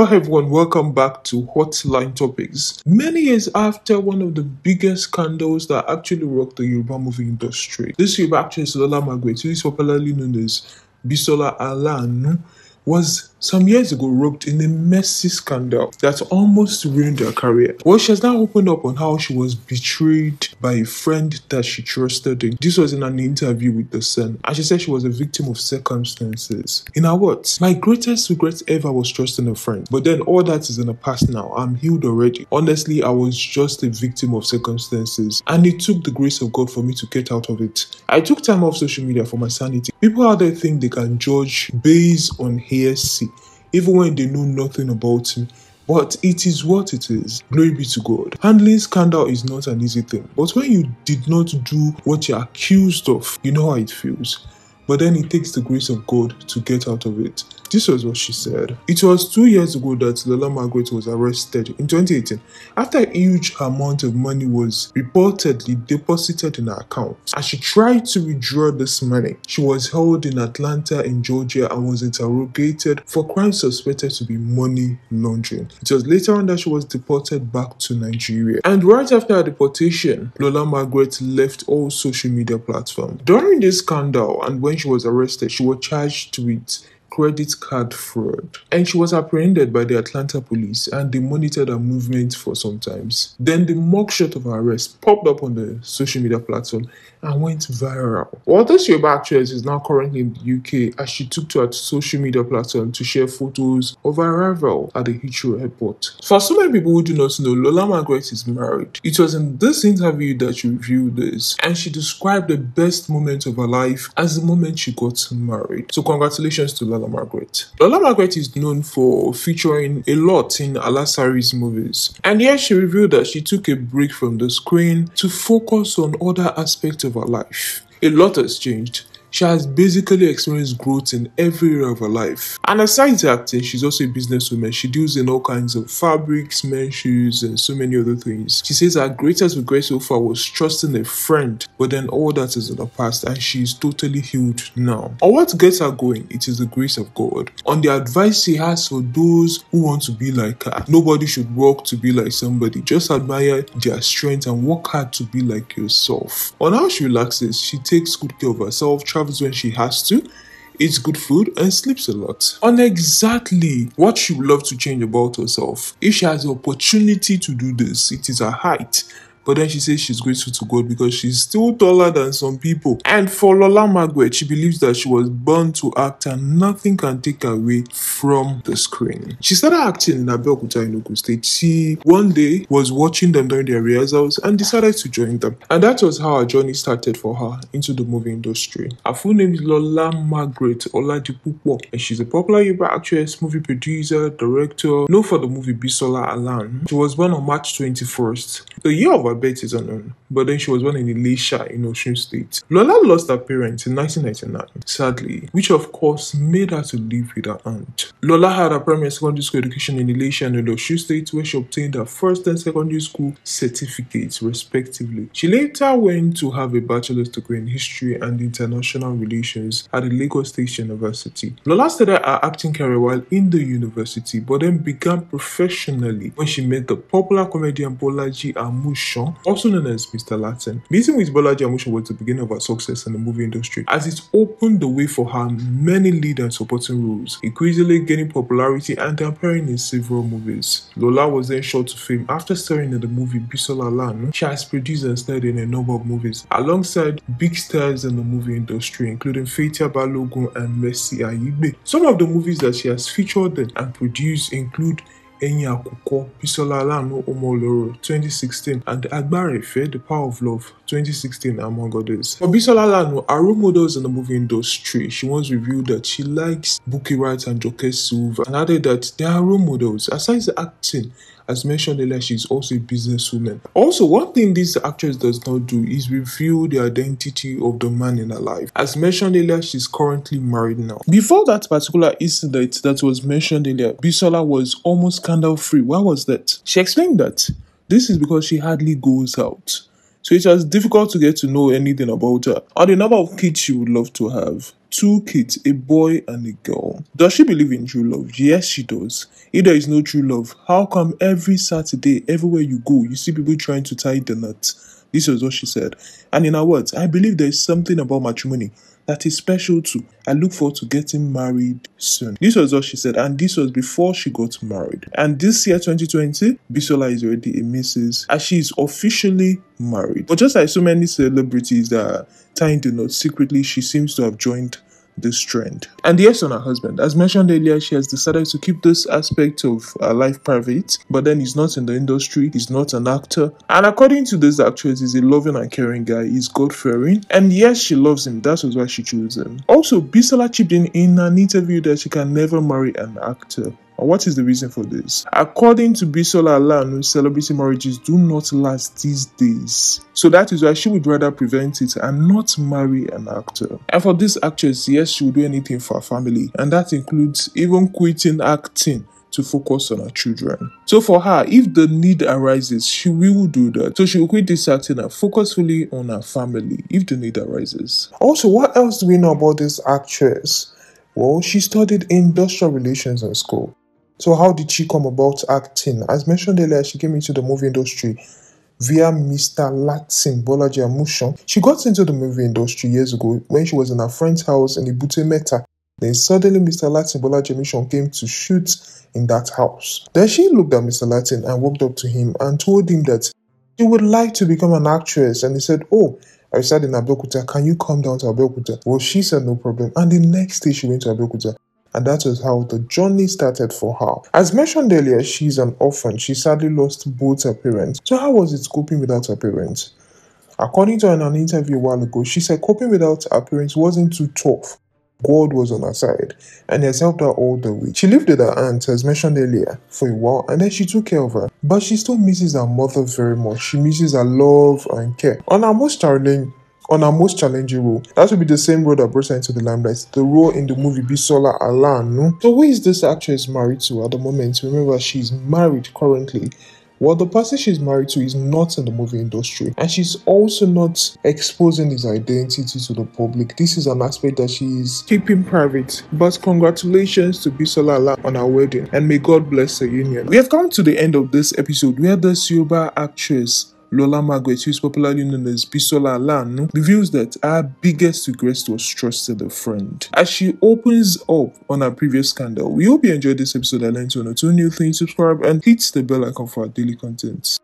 Hello everyone, welcome back to Hotline Topics. Many years after one of the biggest scandals that actually rocked the Yoruba movie industry, this Yoruba actress Lola Magwet, who is popularly known as Bisola Alanu, was some years ago roped in a messy scandal that almost ruined her career. Well, she has now opened up on how she was betrayed by a friend that she trusted. In. This was in an interview with The Sun, and she said she was a victim of circumstances. In her words, my greatest regret ever was trusting a friend, but then all that is in the past now. I'm healed already. Honestly, I was just a victim of circumstances, and it took the grace of God for me to get out of it. I took time off social media for my sanity. People out there think they can judge based on hearsay even when they know nothing about him. But it is what it is. Glory be to God. Handling scandal is not an easy thing. But when you did not do what you're accused of, you know how it feels but then it takes the grace of God to get out of it. This was what she said. It was two years ago that Lola Margaret was arrested in 2018 after a huge amount of money was reportedly deposited in her account. As she tried to withdraw this money, she was held in Atlanta in Georgia and was interrogated for crimes suspected to be money laundering. It was later on that she was deported back to Nigeria. And right after her deportation, Lola Margaret left all social media platforms. During this scandal and when she was arrested, she was charged with credit card fraud. And she was apprehended by the Atlanta police and they monitored her movements for some time. Then the mugshot of her arrest popped up on the social media platform and went viral. Well, this Yoruba actress is now currently in the UK as she took to her social media platform to share photos of her arrival at the Heathrow airport. For so many people who do not know, Lola Margaret is married. It was in this interview that she revealed this and she described the best moment of her life as the moment she got married. So congratulations to Lola Lola Margaret. Lola Margaret is known for featuring a lot in Alasari's movies, and here she revealed that she took a break from the screen to focus on other aspects of her life. A lot has changed. She has basically experienced growth in every area of her life. And aside acting, she's also a businesswoman. She deals in all kinds of fabrics, men's shoes, and so many other things. She says her greatest regret so far was trusting a friend, but then all that is in the past, and she is totally healed now. On what gets her going, it is the grace of God. On the advice she has for those who want to be like her, nobody should work to be like somebody. Just admire their strength and work hard to be like yourself. On how she relaxes, she takes good care of herself travels when she has to, eats good food, and sleeps a lot. On exactly what she would love to change about herself. If she has the opportunity to do this, it is her height but then she says she's grateful to God because she's still taller than some people. And for Lola Margaret, she believes that she was born to act and nothing can take away from the screen. She started acting in Abeokuta in Ogun State. She one day was watching them during their rehearsals and decided to join them. And that was how her journey started for her into the movie industry. Her full name is Lola Margaret Oladipupo and she's a popular Yoruba actress, movie producer, director, known for the movie Bisola Alan. She was born on March 21st, the year of unknown, but then she was born in Elisha in Osun State. Lola lost her parents in 1999, sadly, which of course made her to live with her aunt. Lola had her primary and secondary school education in Elisha and Osun State, where she obtained her first and secondary school certificates, respectively. She later went to have a bachelor's degree in history and international relations at the Lagos State University. Lola started her acting career while in the university, but then began professionally when she met the popular comedian Bolaji Amushon also known as Mr. Latin. Meeting with Bolaji Jamusho was the beginning of her success in the movie industry, as it opened the way for her many lead and supporting roles, increasingly gaining popularity and appearing in several movies. Lola was then shot to fame after starring in the movie Bisola Lan. She has produced and starred in a number of movies, alongside big stars in the movie industry, including Fatia Balogun and Mercy Ayibe. Some of the movies that she has featured and produced include ẹ̀yìn àkùkọ bísọ́lá aláàánú ọmọọlọ́rọ̀ twenty sixteen and agbára ìfẹ́ the power of love twenty sixteen among others. For Bisola Lanu, her role models in the movie industry, she once revealed that she likes Bookie Wright and Joker Silva and added that they are role models. Aside the acting, as mentioned earlier, she's also a businesswoman. Also, one thing this actress does not do is reveal the identity of the man in her life. As mentioned earlier, she's currently married now. Before that particular incident that was mentioned earlier, Bisola was almost scandal free. Why was that? She explained that this is because she hardly goes out so it was difficult to get to know anything about her or the number of kids she would love to have two kids, a boy and a girl. Does she believe in true love? Yes, she does. If there is no true love, how come every Saturday, everywhere you go, you see people trying to tie the knot? This is what she said. And in her words, I believe there is something about matrimony that is special too. I look forward to getting married soon. This was what she said, and this was before she got married. And this year, 2020, Bisola is already a Mrs. and she is officially married. But just like so many celebrities that are tying the knot secretly, she seems to have joined this trend. And yes, on her husband, as mentioned earlier, she has decided to keep this aspect of her life private, but then he's not in the industry, he's not an actor. And according to this actress, he's a loving and caring guy, he's God fearing, and yes, she loves him, that was why she chose him. Also, Bisola chipped in in an interview that she can never marry an actor. Or what is the reason for this? According to Bisola Alanu, celebrity marriages do not last these days. So that is why she would rather prevent it and not marry an actor. And for this actress, yes, she would do anything for her family, and that includes even quitting acting to focus on her children. So for her, if the need arises, she will do that. So she will quit this acting and focus fully on her family if the need arises. Also, what else do we know about this actress? Well, she studied industrial relations in school. So, how did she come about acting? As mentioned earlier, she came into the movie industry via Mr. Latin Bolaji Amushan. She got into the movie industry years ago when she was in her friend's house in Ibute Meta. Then suddenly, Mr. Latin Bolaji Amushan came to shoot in that house. Then she looked at Mr. Latin and walked up to him and told him that she would like to become an actress. And he said, Oh, I said in Abeokuta. Can you come down to Abeokuta? Well, she said, No problem. And the next day, she went to Abeokuta and that was how the journey started for her. As mentioned earlier, she's an orphan. She sadly lost both her parents. So how was it coping without her parents? According to an, an interview a while ago, she said coping without her parents wasn't too tough. God was on her side and has helped her all the way. She lived with her aunt, as mentioned earlier, for a while and then she took care of her. But she still misses her mother very much. She misses her love and care. On her most startling on our most challenging role. That would be the same role that brought her into the limelight, the role in the movie Bisola Alanu. So who is this actress married to at the moment? Remember, she's married currently. Well, the person she's married to is not in the movie industry, and she's also not exposing his identity to the public. This is an aspect that she's keeping private. But congratulations to Bisola Allah on her wedding, and may God bless the union. We have come to the end of this episode where the Suba actress Lola Margaret, who is popularly known as Bisola Alanu, reveals that her biggest regret was trusted a friend. As she opens up on her previous scandal, we hope you enjoyed this episode. I learned one or two new things. Subscribe and hit the bell icon for our daily content.